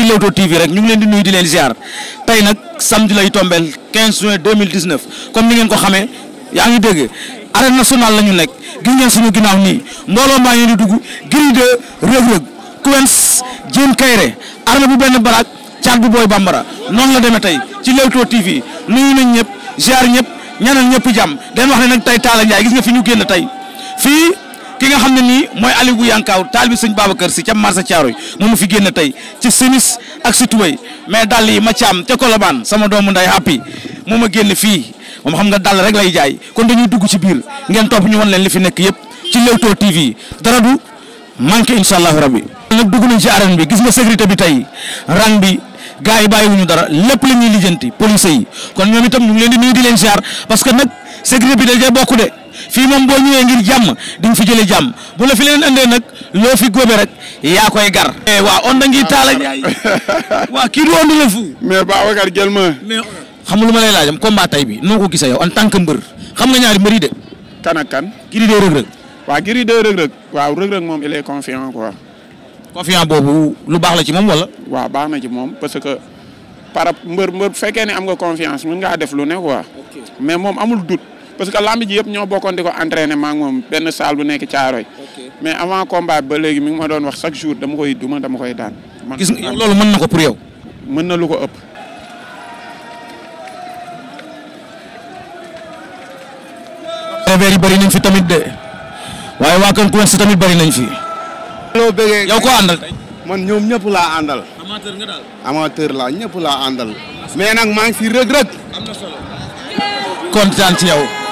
ci Leewtoo TV rek ñu ngi leen di nuyu di leen ziar tey nag samedi lay tombeel 15 comme ni ngeen ko xamee yaa ngi dégg arène nationale la ñu nekk gis ngeen suñu ginnaaw nii mbooloo maa ngi di dugg Gris 2 Reug Reug Quench Diène Kairé armée bu benn baraak caat bu booy bambara noonu la demee tey ci Leewtoo TV nuyu nañ ñëpp ziar ñëpp ñaanal ñëpp jàmm den wax ne nag tey Talla Ndiaye gis nga fi ñu génn tey fii ki nga xam ne nii mooy Aliou bu Yankaaw taalibe sëñ Babacar si ca marché Thiaroye moomu fi génn tey ci semis ak si tubay mais dàll yi ma caam ca Colobane sama doomu nday happy moo ma génn fii moom xam nga dàll rek lay jaay kon dañuy dugg ci biir ngeen topp ñu wan leen li fi nekk yëpp ci Leewtoo TV dara du manqué incha allahu rabbi nag dugg nañ ci arène bi gis nga sécurité bi tey rang bi gars yi bàyyiwuñu dara lépp la ñuy lijjanti police yi kon fii moom boo ñëwee ngir jàmm di fi jëlee jàmm boo la fi leen andee nag loo fi góobe rek yaa koy gar. Eh, waaw onda ngi taala ñaay waaw kii du ond la fu. mais Babacar jël ma. mais xam lu ma lay laajam combat tay bi noo ko gisee yow en tant que mbër xam nga ñaari mbër de. kan ak kan. Gris 2 Reug Reug. waaw Gris 2 waaw Reug Reug moom il est confiant quoi. confiant boobu lu baax la ci moom wala. waaw baax na ci moom parce que. par mbër mbër fekkee ne am nga confiance mën ngaa def lu ne mais moom amul parce que lamb ji yëpp ñoo bokkoon di ko entraîné maa ngi moom benn salle bu nekk Caaroy mais avant combat ba léegi mi ngi doon wax chaque jour dama koy duma dama koy daan. gis loolu mën na ko pour mën na lu ko ëpp. affaire yi fi tamit waaye waa Kër tamit bëri nañ fi. loo bëggee man ñoom ñëpp laa àndal. amateur laa ñëpp laa àndal. mais nag maa ngi si rëg-rëg. am na solo. kontaan yow.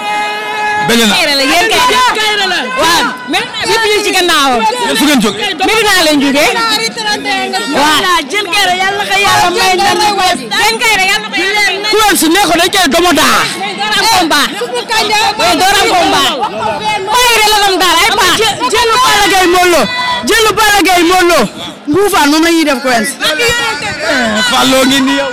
bëgg naa yéen kayra la waaw mais yëpp ñu ci gannaawam yéen fu ngeen jógee Medina lañ jógee waaw jël kayra yàlla ko yàlla may ndam jël kayra yàlla ko yàlla ku am su ne ko dañ koy domoda eh, dooram combat eh, dooram combat bayre la lam daal ay paa jël Balla Gaye Modou Lo jël Balla Gaye Modou Lo nguufaan moom la ñuy def ko ens Fallou ngi ni yow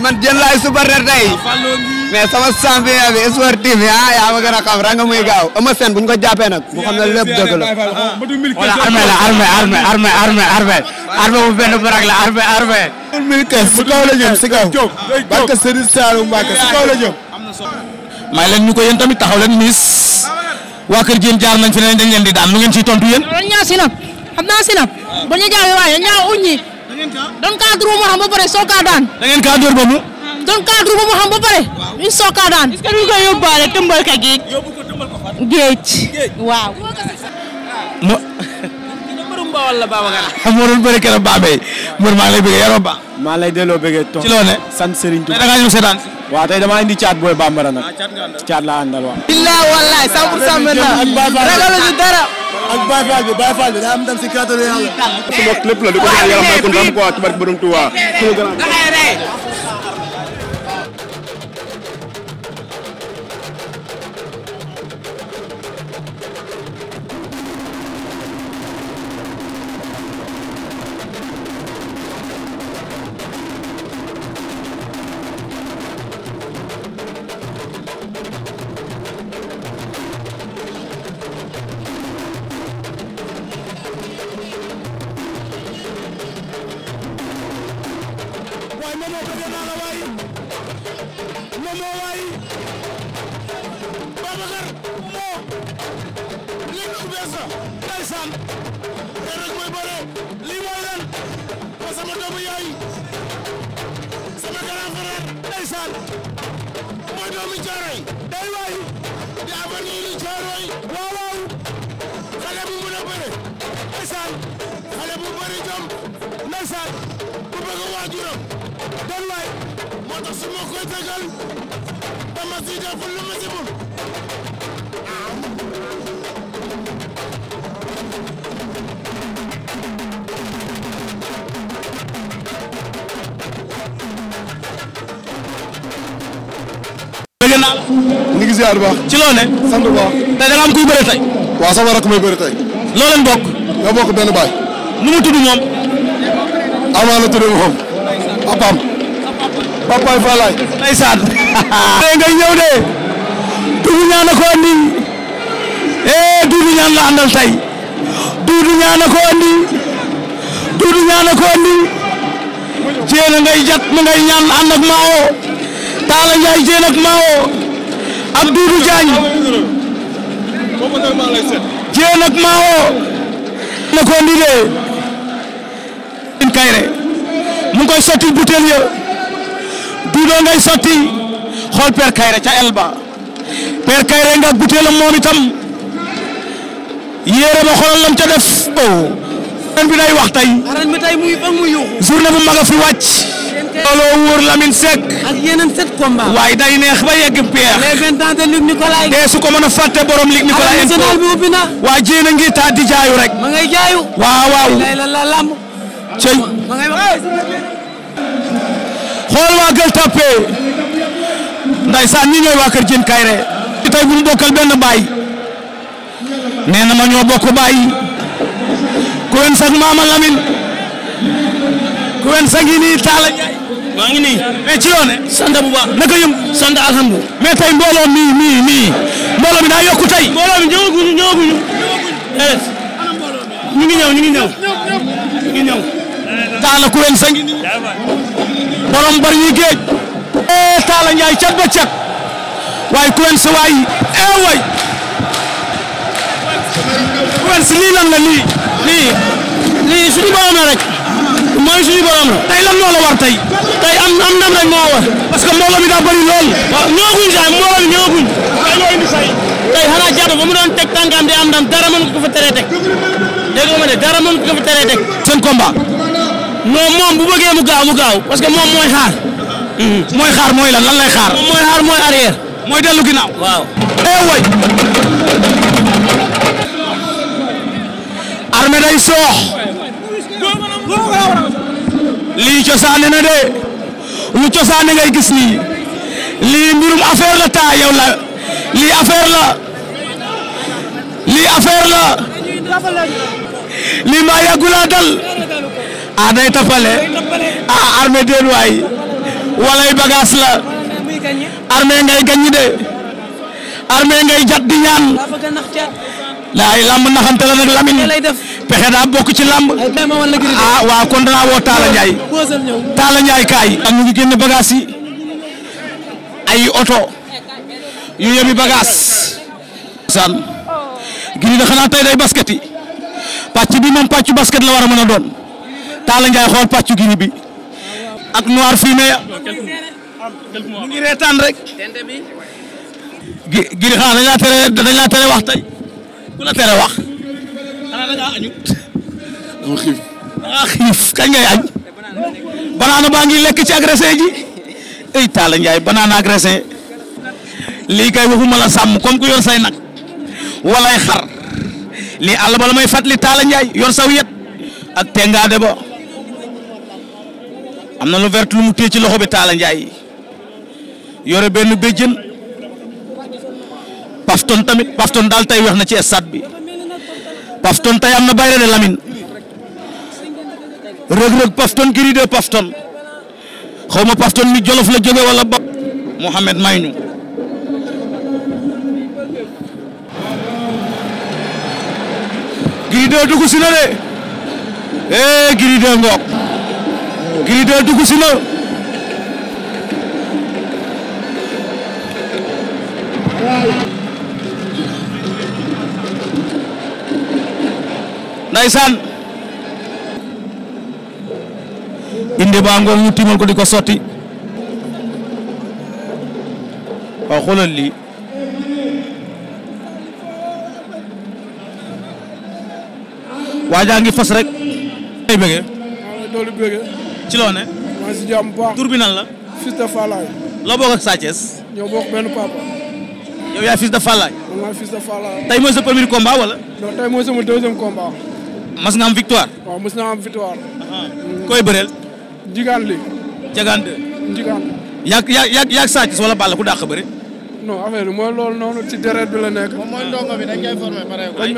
man jël laay super tey mais sama champion bi sportif bi ah, yaa ma gën a xam rang muy gaaw Eumeu Sène bu ñu ko jàppee nag mu xam ne lépp dëgg la. voilà armée la armée armée armée armée armée bu benn barak la armée armée. mille caisse si kaw la jëm si kaw. barke Serigne si kaw la jëm. may leen ñu ko yéen tamit taxaw leen miis waa kër jaar nañ fi ne dañ leen di daan nu ngeen ciy tontu yéen. loolu ñaa sinap xam naa sinap ba ñu jaawee waaye ñaa uññi. da ngeen kaa dóor moo xam ba pare soo kaa daan. da ngeen kaa dóor ba mu. doon cadre ba mu xam ba pare. waaw ñu soog a daan. est ka géej. yóbbu waaw. mo. mbawal la Babacar. amoon bëri maa lay bëggee yaroo ba. maa lay delloo bëggee toog. ci sant Serigne Touba. mais da ngaa ñëw seetaan. damaa indi caat booy bambara nag. Ah, caat laa àndal waaw. billaa wallaay 100% maintenant ragaluñu dara. ak Baye Fall bi Baye Fall bi daa am la di ko yaram may waay bëgg naa la waay moomoo waay Babacar moo léegi ku bees la ndeysaan te mooy bëre lii mooy lan ba sama doomu yaay sama grand frère ndeysaan mooy doomu Caaroy day waay di avenir lu Caaroy waaw waaw xale bu mën a bëre ndeysaan xale bu bëri jom ndeysaan bu bëgg waajuram den waay moo tax su ma koy tegal dama si def lu ma si mun ñu ngi ziar bu baax. ci loo ne. sant bu baax. tey da nga am kuy bëre tey. waaw sama rakk may bëre tey. loo leen bokk. nga bokk benn baay. nu mu tudd moom. Ama la tudd moom. Apam. Papa Falaye ndeysaan dee ngay ñëw de Doudou Niane ko andi eh Doudou Niane la àndal tey Doudou Niane ko andi Doudou Niane ko andi jéena ngay jat ma ngay ñaan ànd ak Mao Talla Ndiaye jéen ak Mao ak Doudou Diagne jéen ak Mao na ko andi de in kayre mu ngi koy sotti butéel ya riidoo ngay sotti xool Père Kayre ca Elba Père Kayre nga butéelam moom itam yéere ba xoolal lam ca def oh. ren bi day wax tey. ren bi tey muy ba muy a fi wàcc. looloo wóor Lamine Seck. ak yeneen sept combats. waaye day neex ba yegg Père. les vingt ans de a fàtte borom waa jéem a ngi taa di jaayu rek. ma ngay jaayu. waaw cey. ma ngay xool waa Gueule Tapée ndaysaan ñi ñooy waa kër Diène Kaïré tey bu bokkal benn baay nee na ma ñoo bokk baay ku wen sag maama Lamine ku sag yi nii Talla Ndiaye maa ngi nii mais ci yoone sant bu baax naka yëm sant alhamdulilah mais tey mbooloo mi mi mi mi daa yokku tey mbooloo mi ñëwaguñu ñëwaguñu ñu ngi ñëw ñu sag borom bari yi géej ee eh, Talla Ndiaye cat ba cat waaye Quench waay ee eh, waay lii lan la lii lii lii suñu borom la rek mooy suñu borom la tey lan moo war tey tey am am rek moo war parce que mbooloo mi daa bëri lool waaw ñëwaguñ sax mbooloo mi ñëwaguñ tey xanaa jàpp ba mu doon teg tànkaam di am ndam dara mënu ko fa teree teg dégg nga ma dara mënu ko fa teree teg seen combat non moom bu bëggee mu gaaw mu gaaw que moom mooy xaar. Hmm. mooy xaar mooy lan lan lay xaar. mooy xaar mooy arrière. mooy dellu ginnaaw. naaw eh way armé day soox. lii cosaane na de lu cosaane ngay gis nii lii mbirum affaire la taa yow la lii affaire la lii affaire la maa yàggu dal. a ah, day tapale a ah, armée déen waay walay bagage la armée ngay gañi de armée ngay jat ñaan laay lamb naxante la nag Lamine pexe daa bokk ci lamb ah waaw kon woo Talla Ndiaye Talla Ndiaye kaay ak ñu ngi génne ay oto yu yebi bagage san giri da xanaa tey day basket yi pàcc bi moom pàccu basket la war a mën a doon Talla Ndiaye xool pàccu giri bi ak noir fumier ya mu ngi reetaan tere dañ laa tere wax tey ku la tere wax xanaa xiif kañ ngay añ banaana baa ngi lekk ci agressé ji ay njaay Ndiaye banaana agressé lii kay waxuma la sàmm comme ku yor say nag walay xar lii àll ba may fàttali Talla Ndiaye yor yet ak tengaade ba am na lu vert mu téye ci loxo bi Talla Ndiaye yore benn béjjën Pafton tamit Pafton daal tey weex na ci stade bi Pafton tey am na bayre de Lamine rëg-rëg Pafton giri Pafton xaw ma Pafton mi Jolof la jóge wala ba Mohamed Maynu giri de de eh giri de Gris 2 dugg si na Ndeysaan inde ba ngoog ñu timal ko di ko sotti waaw xoolal lii waajaa ngi fas rek ay bëgge ci loone maa si jàmm baax tur bi la. fils de Fallaye. loo bokk ak Sa Thiès. ñoo bokk benn papa. yow yaa fils de Fallaye. man maa fils de Fallaye. tey mooy sa premier combat mas nga victoire. Uh-huh. koy bëreel. Ndigaan li. Ndigaan de. Ndigaan. yaa yaa yaa yaa Sa Thiès wala Balla ku dàq bëri. non affaire bi noonu ci deret bi la nekk. moom mooy ndongo bi dañ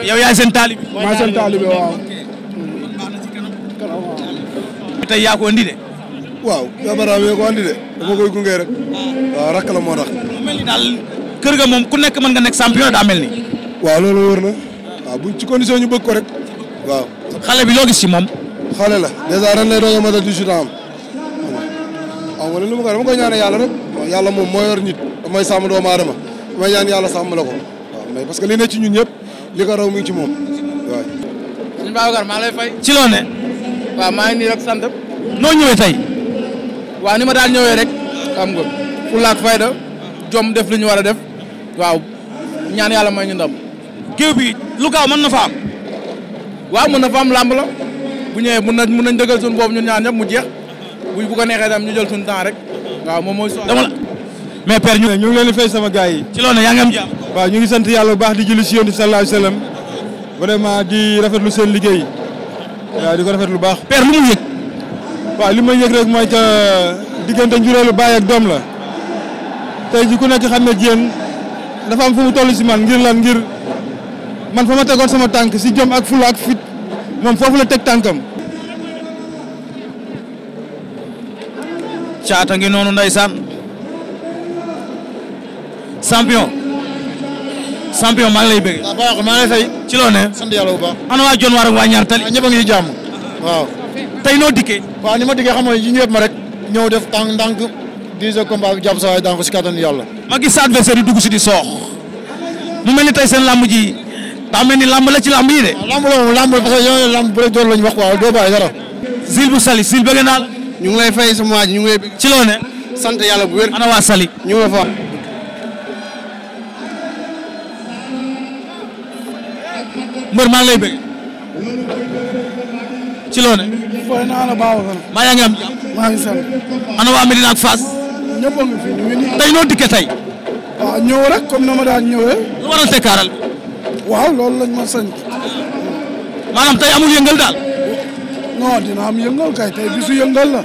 yaay seen taalibi. maa tey yaa ko andi de. waaw Ibrahima yaa ko andi de dama koy gunge ku nekk mën nga nekk champion daa mel ni. waaw loolu wër na waaw buñ ci ko rek waaw. xale bi loo gis ci moom. la dèjà ren lay doog a mën a 18 ans am. waaw wala lu ma ko dama koy ñaanal moo yor nit damay sàmm doomu aadama damay ñaan yàlla sàmm la ko waaw mais parce que li ne ci ñun ñëpp li ko raw mi ngi waaw maa ngi nii rek sant. noo ñëwee tey. waa ni ma daal ñëwee rek xam nga fulla ak fayda jom def li ñu war a def waaw ñaan yàlla may ñun dam géew bi lu gaaw mën na am. waaw mën na fa am làmb la bu ñëwee mën na mën nañ dëggal suñu boobu ñun ñaan ñëpp mu jeex bu bu ko neexee tam ñu jël suñu temps rek waaw moom mooy. dama la mais père ñu. ñu leen di sama gars yi. ci loolu yaa ngi am waaw ñu ngi sant yàlla bu baax di julli si yonent bi sallallahu alayhi wa sallam vraiment di rafetlu seen liggéey. waa di ko rafet lu baax. père lu mu yëg. waaw li ma yëg rek mooy ca diggante njureelu baay ak doom la tey ji ku nekk xam ne jéen dafa am fu mu toll si man ngir lan ngir man fa ma tegoon sama tànk si jom ak fula ak fit moom foofu la teg tànkam. caata ngi noonu ndeysaan champion champion maa ngi lay bëgg. waaw ah, baax maa ngi fay. ci loo ne. sant yàlla waa Dionewar waa Niary Tally. Ah, ñëpp a ngi jàmm waaw. tey noo dikkee. waaw ni ma dikkee xam nga yi ñëpp ma rek. ñëw def tànk ndànk 10 heures combat sa waay daan ko si kattan yàlla. ma gis sa adversaire yi dugg si di soox. mu mel ni tey seen làmb ji daa mel ni làmb la ci làmb yi de. Ah, làmb la moom làmb parce que làmb bu rek door lañ wax waaw doo bàyyi dara. Zil bu Sali Zil bëgg naa ñu ngi lay fay sama waa ji ñu ngi lay. ci loo bu wér. ana waa Sali ñu mbër maa ngi lay bëgg. ci loone fooy naa la maa yaa ngi am maa ngi sant. ana waa Medina ak Fass. a ngi fi ñu nii. tey noo dikkee tey. waaw rek comme na ma daan ñëwee. lu waral tekkaaral bi. waaw loolu lañ ma sañ. maanaam tey amul yëngal daal. non dina am kay tey bisu yëngal la.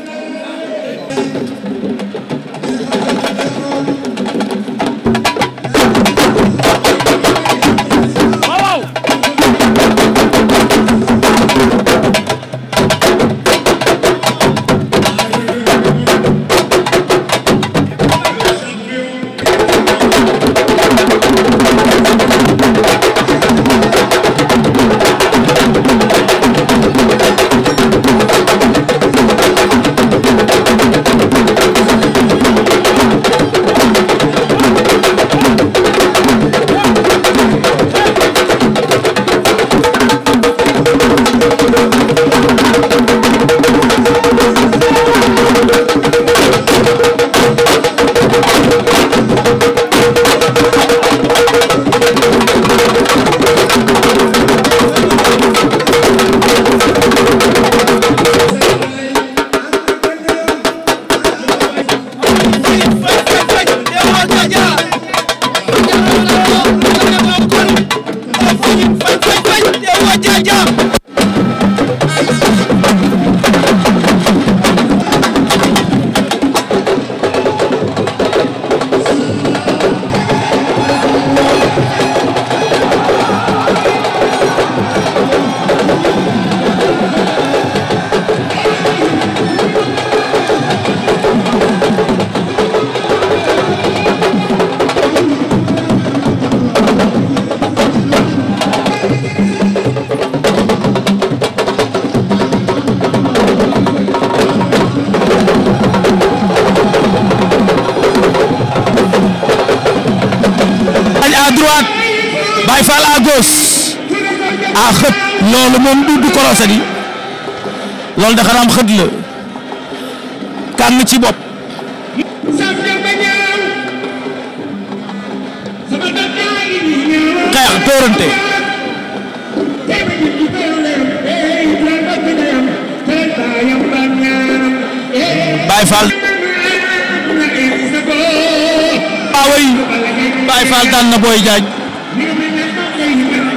Fall daan na Boy Diagne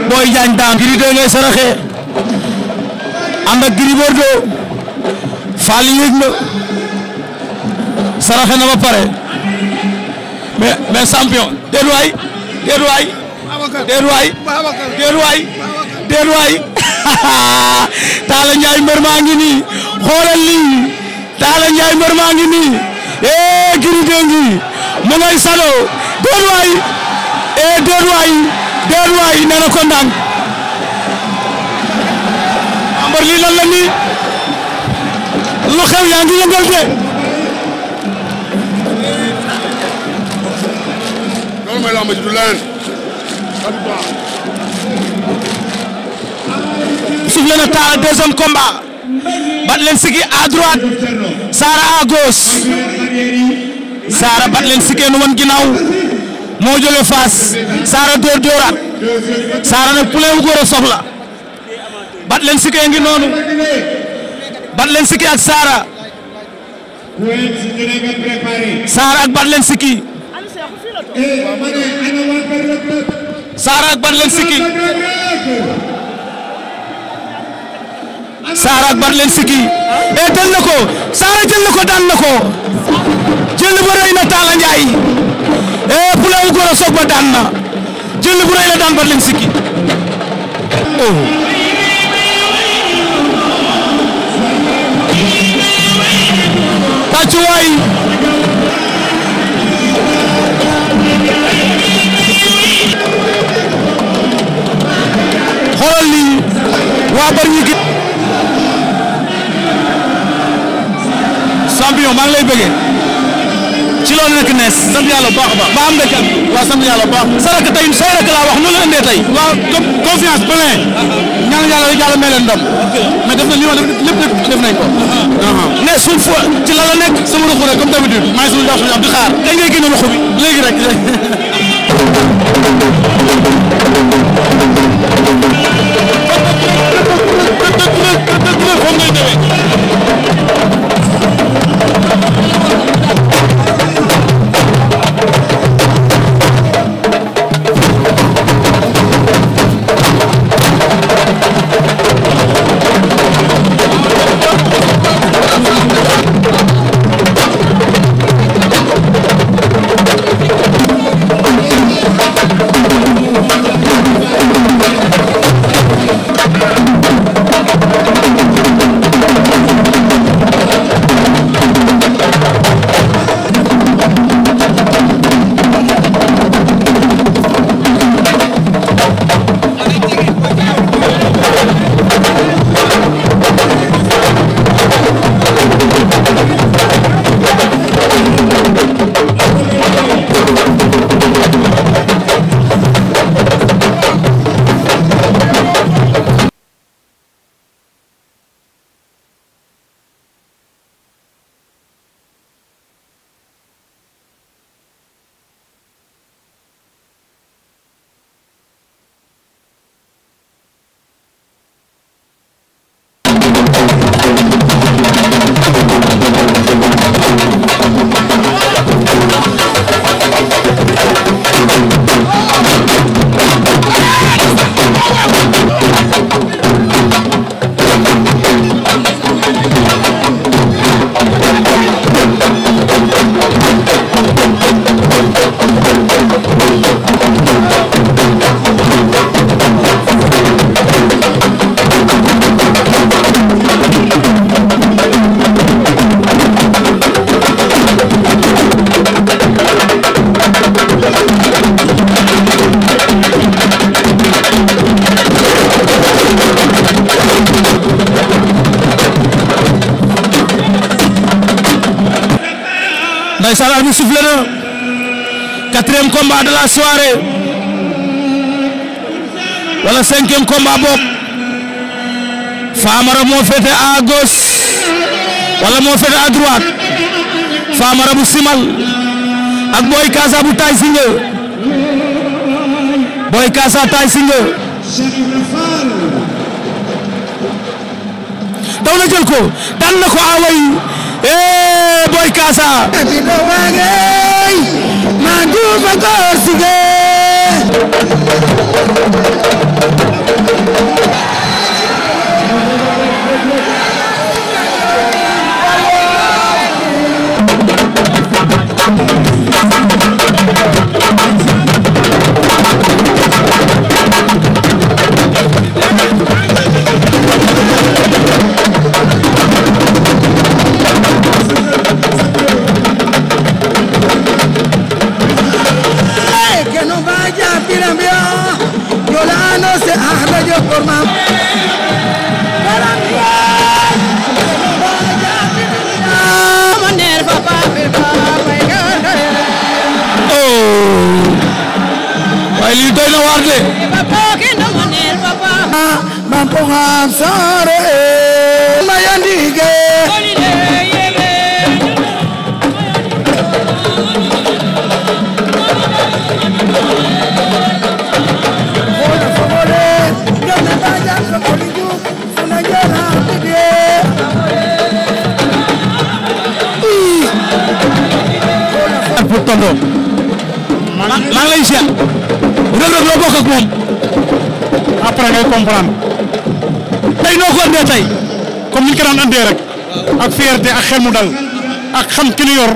Boy Diagne daan Gris 2 ngay saraxe ànd ak Gris Bordeaux Fall yéeg na saraxe na ba pare mais mais champion déet waay déet waay mbër maa ngi nii xoolal lii Talla Ndiaye mbër maa ngi nii ee eh, Gris 2 ngi mu ngay saloo déet ee eh, déet waay nee na ko ambar lii lan lu xew yaa ngi yëngal de loolu mooy lamb ji du leneen soufflé na taal deuxième combat Batlenski à droite Sara à gauche Sara Batlenski nu woon moo jëlee Fass Saara door dooraat Saara nag poulet wu góor a soxla bat leen sikkee ngi noonu bat len sikki ak Saara Saara ak bat leen sikki Saara ak bat leen sikki Saara ak bat eh, ko Saara jël na ko daan na ko jël ba rëy na Talla eh Poulay wu Gora ba daan na jël bu rëy la daan ba leen sikki oh. tàccu waay xoolal lii waa bari ñu champion maa ngi lay ci loolu nekk nees. sant yàlla bu a baax. ba am dëkk am. waaw sant yàlla bu baax. sa rakk tey say rakk laa wax nu la indee tey. waaw comme confiance plein. ñaan yàlla rek yàlla may leen ndam. mais def na li ma def lépp def nañ ko. Uh-huh. Uh-huh. mais suñ fo ci la la nekk. sama ruxu rek comme d'habitude. maa ngi suñu daaw suñu am di xaar. kañ ngay génne ruxu combat de la soirée wala cinquième combat boog Famara moo féete à gauche wala moo féete à droite Famara bu simal ak Boy Kaasa bu taay si nga Boy Kaasa taay si nga na jël ko daan na ko away eh ma duufa góor si xam saare maya ndige maa ngi lay ziar Reug Reug loo bokk ak moom après ngay comprendre tey noo ko andee tey comme ni ñu ko daan andee rek ak fierté ak xel mu dal ak xam ki ñu yor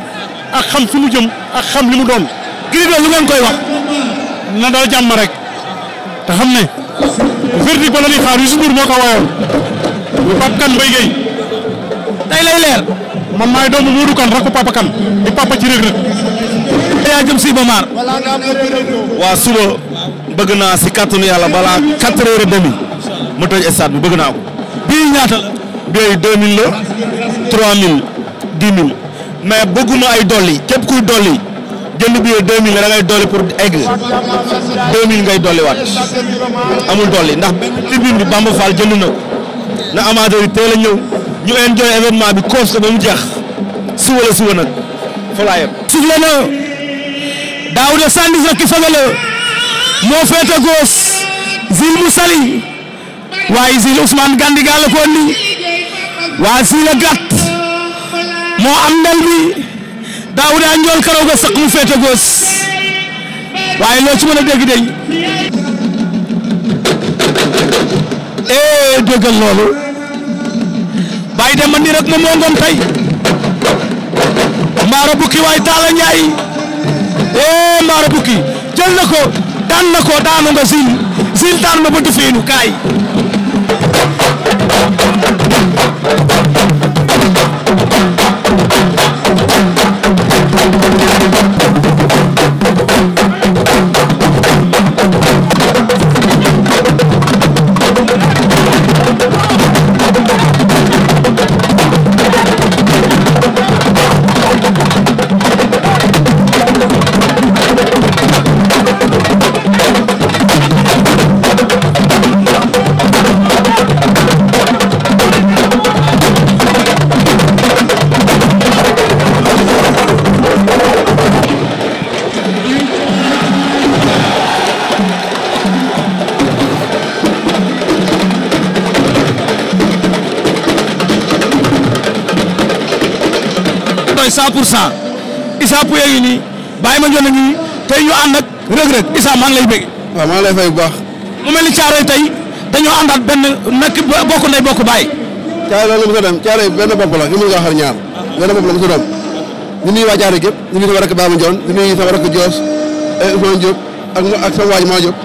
ak xam fi mu jëm ak xam li mu doon. Gris 2 lu ngeen koy wax na dal jàmm rek te xam ne verdict ba la ñuy xaar Youssou Ndour moo ko wayoon bu Pape Kane Mbaye Guèye tey lay leer man maay doomu Modou Kane rakku Papa Kane di papa ci Reug Reug. yaa jëm si Iba Mar. waaw suba. bëgg naa si kàttanu yàlla balaa 4 heures et demi mu tëj stade bi bëgg naa ko. bii ñaata la. bii 2000 la 3000 10000 mais bëgguma ay dolli képp kuy dolli jënd bii 2000 la da ngay dolli pour egg 2000 ngay dolliwaat amul dolli ndax tribune bi Bamba Fall jënd na na amateur yi teel ñëw ñu enjoy événement bi koos ko ba mu jeex suba la suba nag fa laa la na Daouda Sandwich rek ki fagale moo féete góos Zil bu Sali waaye Zil Ousmane Gandiga la ko ni waa Zil a gàtt moo am ndel bi Daouda Ndiol karaw ga saq mu féete waaye loo ci mën a dey ee eh, déggal loolu bàyyi dem ba nii rek moom moo ngoon Bukki waaye Talla Ndiaye ee eh, Mbaara Bukki jël na ko daan na ko daanu nga sil sil daan ma bëgg feenu kaay 100 pour cent Issa Pouye ngi nii Baye Mandione ngi tey ñu ànd ak rëg-rëg Issa maa ngi lay bëgg. waaw maa ngi lay fay bu baax. mu mel ni Thiaroye tey dañoo àndaat benn nekk bokk ndey bokk baay. Thiaroye loolu mos a dem Thiaroye benn bopp la ñu mën nga xar ñaar benn bopp la mos a doon ñu nuyu waa Thiaroye gépp ñu nuyu sama rakk Baye Mandione ñu nuyu sama rakk Dios ak eh, Ousmane Diop ak ak sama waaj maa Diop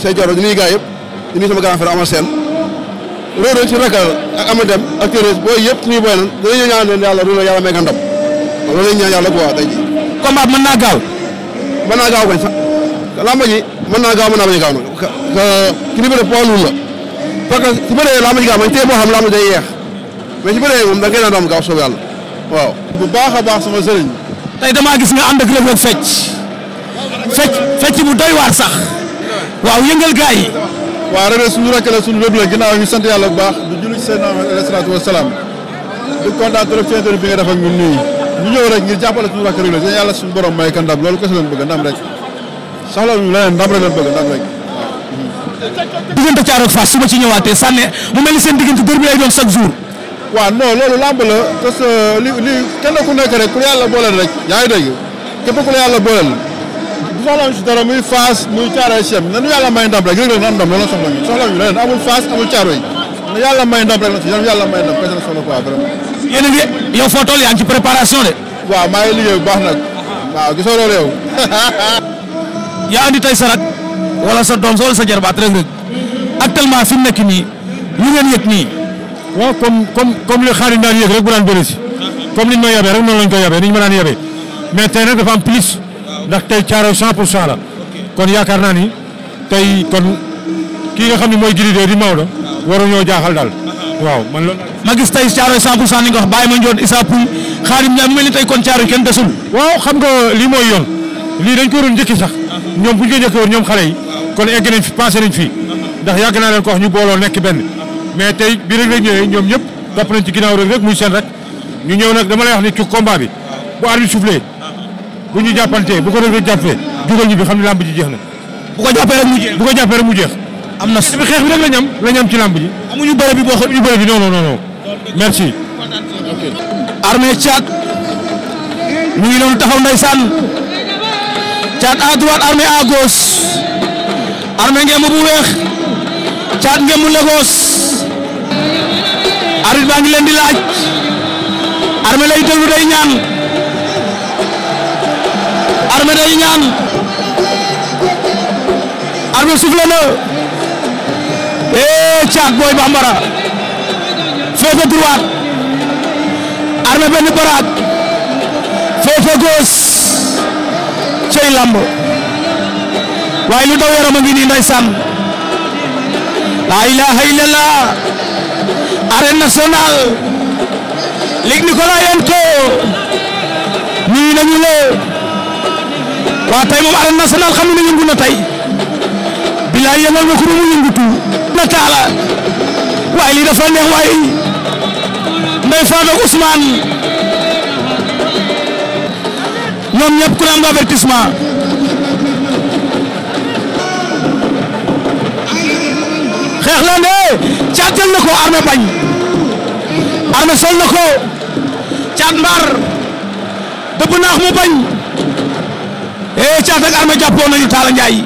say Thiaroye ñu nuyu gars yëpp ñu nuyu sama grand frère Amar Sène Reug Reug si rakkal ak Amadou Deme ak Thérèse booy yëpp suñuy booy nan dañoo ñaan leen yàlla Reug Reug yàlla may nga ndam loolu la ñuy yàlla quoi tey jii. combat mën naa gaal mën naa gaaw bañ sax làmb ji mën naa gaaw mën naa bañ a gaaw nag ka ka kii bi rek poids la parce que su bëree làmb ji gaaw man tey boo xam làmb day yeex mais su bëree moom da ngay naan doomu gaaw soob yàlla waaw. bu baax a baax sama sëriñ. tey damaa gis nga ànd ak Reug Reug fecc fecc fecc bu doy waar sax waaw yëngal gaa yi. waaw Reug Reug suñu la suñu lépp la ginnaaw ñu sant yàlla bu baax di julli ci Seydina Muhammad alayhi salaatu wa salaam di kontaan trop bi nga def ñu ñëw rek ngir jàppale suñu rakk Reug Reug yàlla suñu borom may ka ndam loolu kese lañ bëgg ndam rek soxla ñu leneen ndam rek lañ bëgg ndam rek. diggante Thiaroye Fass su ma ci ñëwaatee sànne mu mel ni seen diggante dër bi lay doon chaque jour. waaw non loolu làmb la parce que li li kenn ku nekk rek ku yàlla booleel rek yaa ngi dégg képp ku la yàlla booleel bu soxla si dara muy Fass muy Thiaroye Chem nanu yàlla may ndam rek Reug Reug na ndam loolu soxla ñu soxla ñu leneen amul Faas amul Thiaroye yàlla may ndam rek la si yàlla may ndam kese la soxla quoi vraiment yéen a ngi yow foo toll yaa ngi ci préparation de. waaw maa ngi liggéey bu baax nag. waaw gisoo loolu yow. yaa andi tey sarat wala sa doom wala sa jarbaat Reug Reug actuellement fi mu nekk nii lu ngeen yëg nii. waaw comme comme comme li xaar yi daan yëg rek bu daan si. comme ni ñu may yabee rek noonu la ñu koy yabee ni ñu ma daan mais tey nag dafa am plus. ndax tey caaro 100 pour cent la. kon yaakaar naa ni tey kon kii nga xam ne mooy giri dee di war ñoo jaaxal daal. waaw ma gis tey Thiaroye 100 pour cent ni nga wax Baye Mandione Issa Pouye Khadim Ndiaye kon Thiaroye kenn desul. waaw xam nga lii mooy yoon lii dañ ko waroon njëkki sax ñoom bu ñu ko njëkkee woon ñoom xale yi kon egg nañ fi passé nañ fii ndax yàgg naa leen ko nekk benn mais tey bi ñoom ñëpp topp nañ ci ginnaaw rek rek muy rek ñu ñëw nag dama lay wax ni ci combat bi bu arbitre soufflé bu ñu jàppantee bu ko rek rek jàppee jugal ñi bi xam ne làmb ji jeex na. bu ko jàppee rek mu jeex bu ko jàppee rek am na xeex bi rek la ñam la ñam ci làmb ji. amuñu bëre boo xam ñu bëre bi non non merci. armée Thiat ñu ngi doon taxaw ndeysaan Thiat à droite armée à gauche armée ngeen mu bu weex Thiat ngeen mu Lagos arbitre baa ngi leen di laaj armée lay déglu day ñaan armée day ñaan armée soufflé na eh Thiat Boy Bambara. féete droite Armé benn baraak féete gauche cey lamb nii ndeysaan la ilaha illallah arène waa tey moom arène nationale xam ne yëngu na tey bilaay yëngal nga ko ba mu yëngu tuuti na taala waaye lii dafa neex waaye Ndeye Fatou ak Ousmane ñoom ñëpp ku ne am nga avertissement xeex caat jël na ko armé bañ armé sol na ko caat mbaar dëbb naax mu bañ eh caat ak armé jàppoon nañu Talla Ndiaye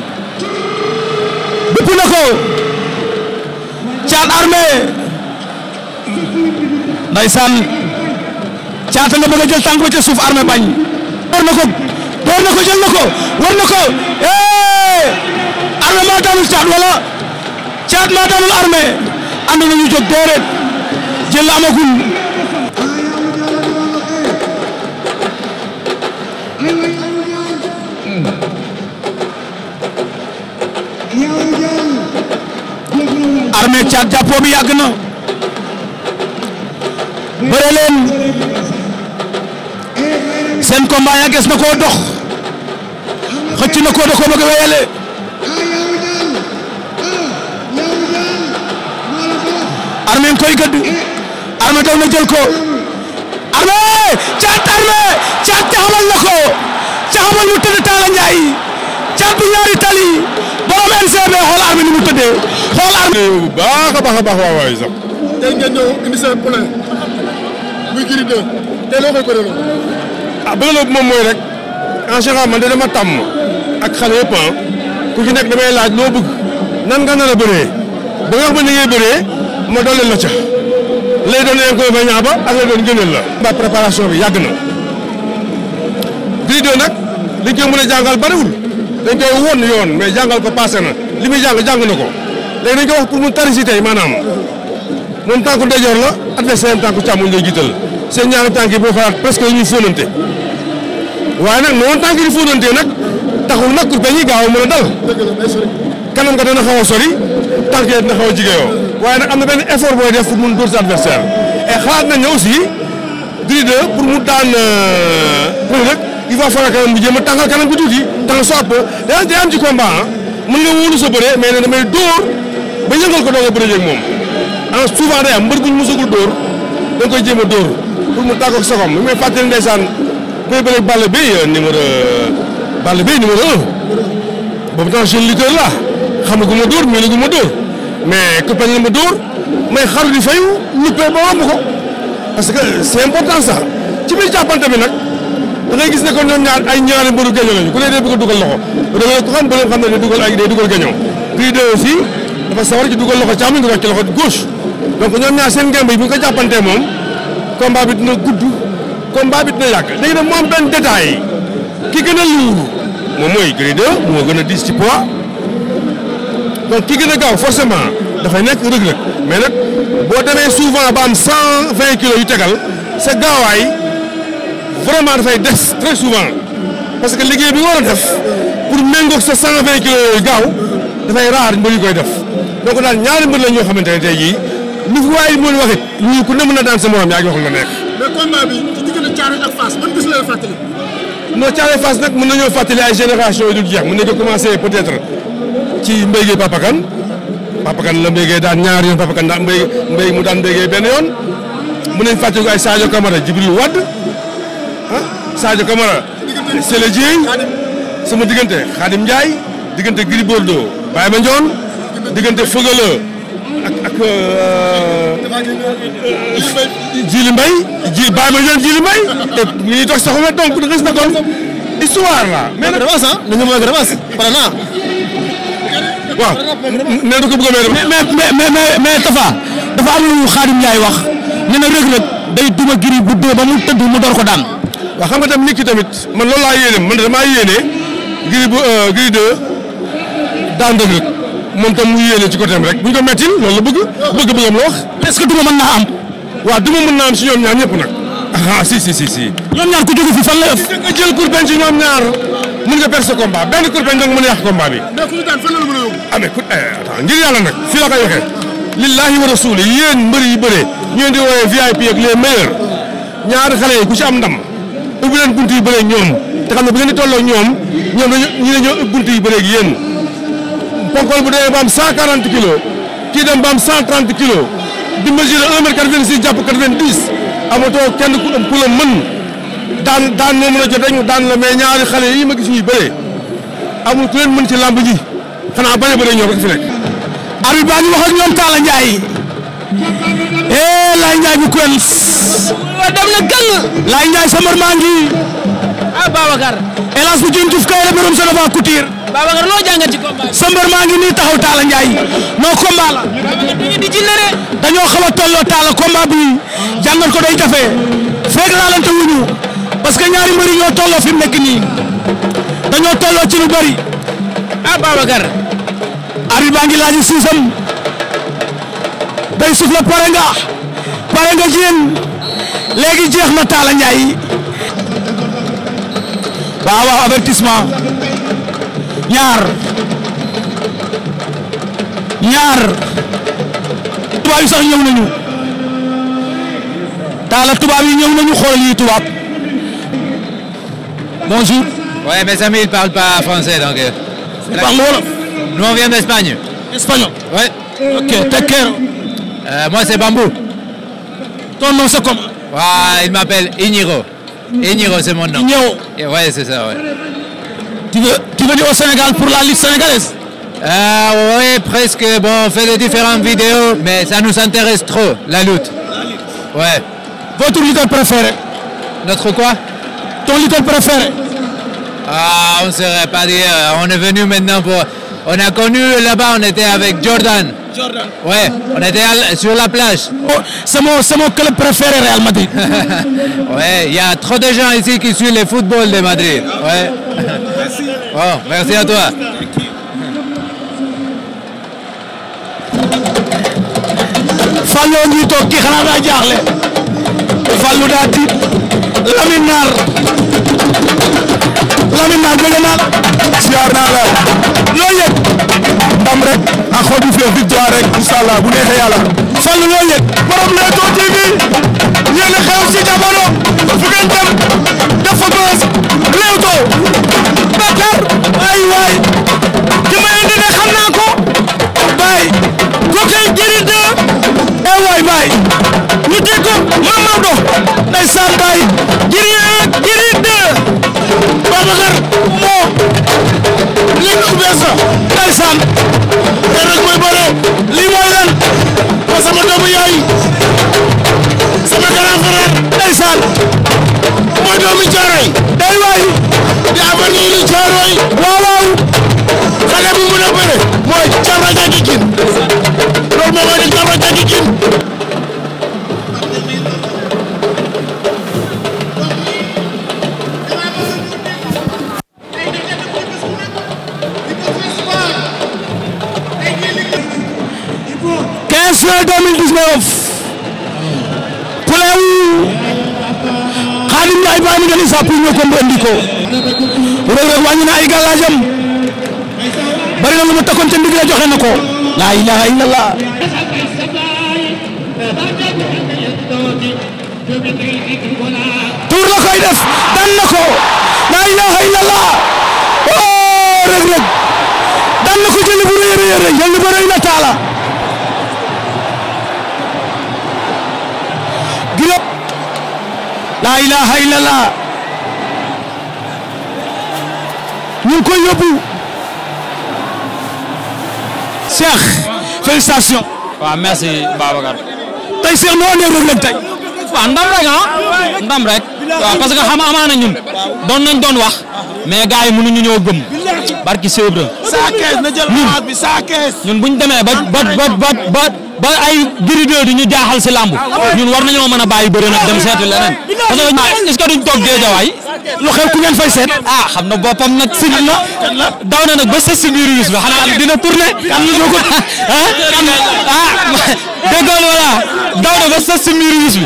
dëpp na ko caat armé. ndaysaan caata nga bëgg a jël tànk ba ca suuf armé bañ. door na ko door na ko jël na ko war na ko eh armé maa daanul caat wala caat maa daanul armé ànd nañu jóg dooreet jël amagul. armé caat jàppoo bi yàgg na. bëre leen seen combat yàgges na koo dox xëcc na koo da koo bëgg a wéyale armé nga koy gëdd armé daw na jël ko armé caat armé caat caxabal na ko caxabal mu tëdd Talla Ndiaye caat bu ñaari tali borom NCB xool armé ni mu tëddee xool armé bu baax a baax a muy Gris 2 ah, moom mooy rek en général man de dama tàmm ak xale yëpp ah. ku ci nekk damay laaj loo bëgg nan nga nar a bëree ba nga xam ni ngay bëree ma dooleel la ca lay doon leen koy bañ ba ak lay doon gënal la. mbaa préparation bi yàgg na. Gris 2 nag liñ koy a jàngal bariwul dañ koy won yoon mais jàngal ko passé na li muy jàng jàng na ko léegi dañ koy wax pour mu tari si tey maanaam moom tànku ndejoor la adversaire am tànku càmmoñ lay jiital seen ñaari tànk boo xalaat presque ñuy fóonante waaye nag noonu tànk yi di fóonante nag taxul nag ku gaaw a mën a dal kanam nga dana xaw a sori tànk xaw a waaye nag am na benn effort booy def pour mun dóor sa adversaire et xalaat nañ ne aussi Gris 2 pour mu daan Reug Reug il va falloir kanam bu jéem a tàngal kanam bi tuuti tàngal soit peu day day am ci combat ah. mën nga wóolu sa bëree mais ne damay dóor ba yëngal ko doog a bëree ak moom en ah, souvent day am mbër bu ñu mosagul dóor da nga koy jéem pour mu tàggoog soxam li may fàttali ndeysaan bay bëreeg Balla Beye euh, numéro euh, Balla Beye numéro un boobu tam jeune lutteur la xamagu ma dóor miinagu ma dóor mais copain la ma dóor may xaru di fayu luppee ba wàmb ko parce que c'est important ça ci biir jàppante bi nag da ngay gis ne kon ñoom ñaar ay ñaari mbëru gañoo lañu ku ne day bëgg a dugal loxo da ngay ko xam ba nga xam ne day dugal ay day dugal gañoo kuy dee aussi dafa sawar ci dugal loxo càmmoñ di wàcc loxo gauche donc ñoom ñaar combat bi dina gudd baa bit dina yàgg léegi nag mu am benn détail ki gën a luur moom mooy Gris 2 moo gën a diis ci poids donc ki gën a gaaw forcément dafay nekk rëg-rëg mais nag boo demee souvent ba am cent vingt kilos yu tegal sa gaawaay vraiment dafay des très souvent parce que liggéey bi war a def pour méngoog sa cent vingt kilos yooyu gaaw dafay raar mbir koy def donc daal ñaari mbir la ñoo xamante ne tey jii lu fi waaye mën wax it ñii ku ne mën a daan sa morom yaa ngi wax lu nekk. mais combat bi ci diggante Thiaroye ak fàttali. mën nañoo fàttali ay génération yu dul jeex mën nañ ko commencé peut ci mbéygee Papa Kane la mbéygee daan ñaari yoon Papa Kane daan mbéy mbéy mu daan mbéygee benn yoon mën nañ fàttali ay Sadio Camara Djibril Wade ah Sadio Camara. Sélé Dieng sama diggante Khadim Ndiaye diggante Gris Bordeaux Baye Mandione diggante Feugeleu Euh, Djily Mbaye ji bàyyi ma ñoon Djily Mbaye mi ngi toog sax na kon histoire la mais nag revanche ah dañu bëgg revanche pare naa waaw a mais mais mais mais Tafa dafa am lu Xaadim Ndiaye wax nee na Reug Reug day duma giri bu dee ba mu tëdd door ko daan waxam xam nga tam nit ki tamit man loolu laa yéene man damaa yéene euh, daan Reug moom tam mu yéene ci côté rek bu ñu mettil loolu la bëgg bëgg bëggam la wax. est duma mën naa am. waaw duma mën naa am si ñoom ñaar ñëpp nag. ah si si si ñoom ñaar ku jóge fi fan la. nga jël kurpeñ ci ñoom ñaar mën nga perte combat benn kurpeñ nga mën a yàq bi. mais la mën a yóbbu. ah eh, yàlla nag fii la koy waxee. lillahi wa rasuli yéen mbër yi bëree ñu di woowee VIP ak les meilleurs ñaari xale yi ku ci am ndam ubbi leen yi bëree ñoom te xam ne bu ngeen di tolloo ñoom ñoom dañu yi bëree ak ponkol bu demee ba am 140 kilos kii dem ba am 130 kilos di mesure 1 mètre 86 jàpp 90 amatoo kenn ku ëpp ku la daan daan moo mën a jot daan la mais ñaari xale yi ma gis ñuy bëree amu ku leen mën ci làmb ji xanaa bañ a bëree ñoom rek fi nekk. Habib Ba ñu wax ak ñoom Talla Ndiaye. eh Laye Ndiaye bu na gàll. Laye Ndiaye sa mër maa ngi. ah Babacar. hélas bu jëm Diouf kay la borom Babacar loo jàngat ci combat maa ngi nii taxaw Talla Ndiaye non combat dañoo xaw a tolloo Talla combat jàngat ko day jafe fekk laalante wuñu parce que ñaari mbëri ñoo tolloo fi mu nekk nii dañoo tolloo ci lu bari. ah Babacar. Habib ngi laaj suusam day suuf la pare nga pare léegi jeex na Talla Ndiaye waaw waaw ñaar ñaar tubaab yi sax ñëw nañu taala tubaab yi ñëw nañu xool yi tubaab bonjour. ouais mes amis ils parlent pas français donc. Euh, ils parlent wolof. nous on vient d'Espagne. espagnol. ouais. ok tekker. Euh, moi c'est Bambou. ton nom c'est comment. waaw il m'appelle Iñigo. Iñigo c'est mon nom. Iñigo. ouais c'est ça ouais. Tu veux, tu veux dire au Sénégal pour la Ligue sénégalaise euh, Oui, presque. Bon, on fait des différentes vidéos, mais ça nous intéresse trop, la lutte. Ouais. Votre lutteur préféré Notre quoi Ton lutteur préféré Ah, on ne saurait pas dire. On est venu maintenant pour... On a connu là-bas, on était avec Jordan. Jordan. Ouais, on était à, sur la plage. Oh, c'est mon, mon, club préféré, Real Madrid. ouais, il y a trop de gens ici qui suivent le football de Madrid. Ouais. waaw merci à toi. Fallu ngi toog kii xanaa daa jaaxle. Fallu daa tiit. Lamine Naar. Lamine Naar bëgg naa la. ziar naa la. xol bu fees victoire rek incha allah bu neexee yàlla Fallou loo yëg borom Leewtoo TV yéen a xew ci jamono fu ngeen dem dafa gos ay waay ki ma ne xam naa ko baay kookay jëriñ de ay eh waay baay ñu dégg ko Mame lii nag bees na ndeysaan te rek mooy bëre lii mooy lan ba sama doomu yaay sama grand frère ndeysaan mooy doomu Jaaray sàpp ñoo ko andi ko Reug Reug wàññi na ay gàllaajam bari na lu mu takkoon ca ndig la joxe na ko la ilaha illallah tuur la koy def dan na ko la ilaha illallah oh Reug Reug dan na ko jëli bu rëy rëy rëy jëli bu rëy la taala la ilaha illallah ñu ngi koy yóbbu. Cheikh félicitations. waaw merci Babacar. tey Cheikh noo nee Reug Reug tey. waaw ndam rek ah. ndam rek. parce que xam amaana ñun. doon nañ doon wax. mais gars yi mënuñu ñoo gëm. barki Cheikh Ibrahima. saa kees na jël xaat bi saa kees. ñun buñ demee ba ba ba ba ba ay giri di ñu jaaxal si làmb ah, ñun war nañoo mën a bàyyi bëri nag dem seetu leneen. Ah, parce que est-ce que duñ toog géejawaay lu xew ku ngeen fay seet. ah xam na boppam nag si na daw na nag ba seet si biir Youssou ba xanaa dina tourné. kan la ko ah ah déggoon voilà ba seet si biir Youssou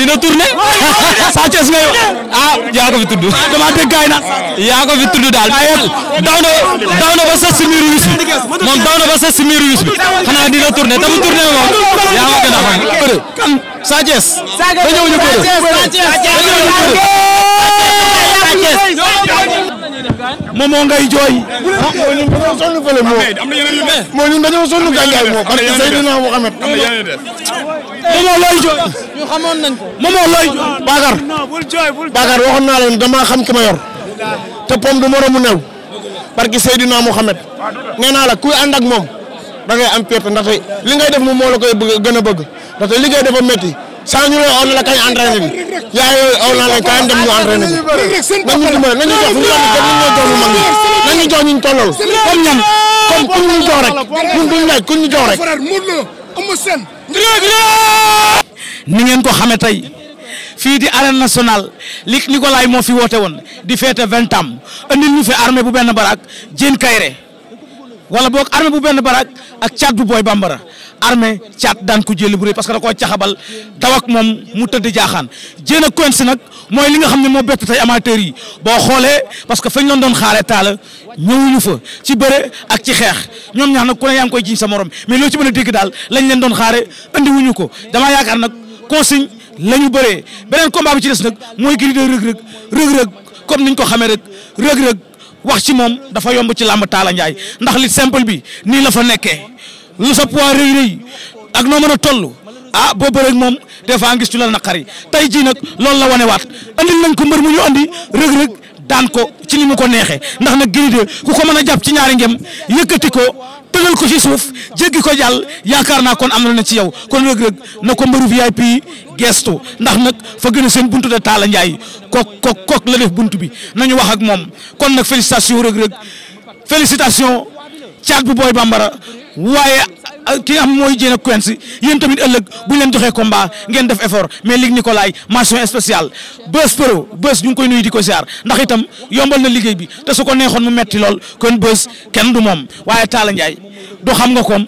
dina tourné. Sa Thiès nga yow ah yaa ko fi tudd. Ah, dama dégg gaay na yaa ko fi tudd daal. Ah, daw na daw na ba seet si biir moom daw ba seet si biir Youssou dina tourné te bu tourné moom yaa ma gën a xam. kan Sa Thiès. Sa Thiès dañoo ñu moom moo ngay jooy. ah mooy ñun dañoo sonn fële moo. mooy ñun dañoo sonn gàncax moo. parce que Seydina Mohamed. nañ ko. moomoo looy jooy. Bakar naa leen dama xam ki ma yor. te pom du moromu new. parce que Seydina Mohamed. nee naa la kuy ànd moom. da ngay am ndax ndaxte li ngay def moom moo la koy bëgg gën a bëgg ndaxte li ngay dafa métti. saa ñu lay aw na la kañ entraîné bi yaay yooyu aw naa la kañ dem ñu entraîné bi nañu dimbale nañu ñu lamb comme ñu jox ñu mag jox ñu tollal comme jox rek ñun duñu laaj jox rek. ni ngeen ko xamee tey fii di arène nationale li Nicolas moo fi woote woon di fête vingt ans andil ñu fi armée bu benn barak Diène Kaïré wala boog armée bu benn baraag ak caat bu booy bambara armée caat daan ko jëli bu rëy parce que da koo caxabal daw ak moom mu tëdd jaaxaan jéen a coin si nag mooy li nga xam ne moo bett tey amateur yi boo xoolee parce que fañ loon doon xaaree taala ñëwuñu fa ci bëre ak ci xeex ñoom ñaar na ku ne yaa ngi koy jiñ sa morom mais loo ci mën a dégg daal lañ leen doon xaare andiwuñu ko damaa yaakaar nag consigne la ñu bëree beneen combat bi ci des nag mooy giri de rëg-rëg ko xamee rek rëg-rëg wax ci moom dafa yomb ci làmb Talla ndax li simple bi nii la fa nekkee lu sa poids rëy rëy ak noo mën a toll ah boo bëree ak moom des fois ngis ci la naqari tey jii nag loolu la waat andil nañ ko mbër mu ñu andi rëg-rëg daan ko ci ni mu ko neexee ndax na Gris 2 ku ko mën a jàpp ci ñaari ngem yëkkati ko tëgal ko ci suuf jéggi ko jàll yaakaar naa kon am na ne ci yow kon Reug Reug na ko mbëru VIP gestu ndax nag fa gën a seen buntu de Talla Ndiaye kook kook kook la def buntu bi nañu wax ak moom kon nag félicitation Reug Reug félicitation caat bu booy bambara waaye Euh, ki nga xam mooy Dieng ak Quench yéen tamit ëllëg bu ñu leen joxee combat ngeen def effort mais Luc Nicolaï mention spéciale bés pro bës ñu ngi koy nuyu di ko siyaar ndax itam yombal na liggéey bi te su ko neexoon mu metti lool kon bés kenn du moom waaye Talla Ndiaye du xam nga koom